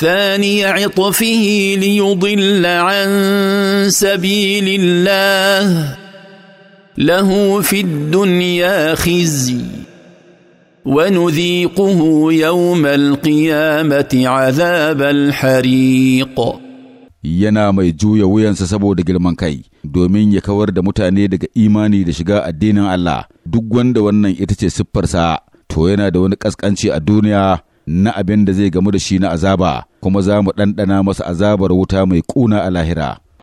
ثاني عطفه ليضل عن سبيل الله له في الدنيا خزي ونذيقه يوم القيامة عذاب الحريق yana mai juya wuyansa saboda girman kai domin ya kawar da mutane daga imani da shiga addinin Allah duk wanda wannan ita ce siffarsa to yana da wani ƙasƙanci a duniya na abin da zai gamu da shi na azaba, kuma za mu ɗanɗana masa azabar wuta mai ƙuna a lahira.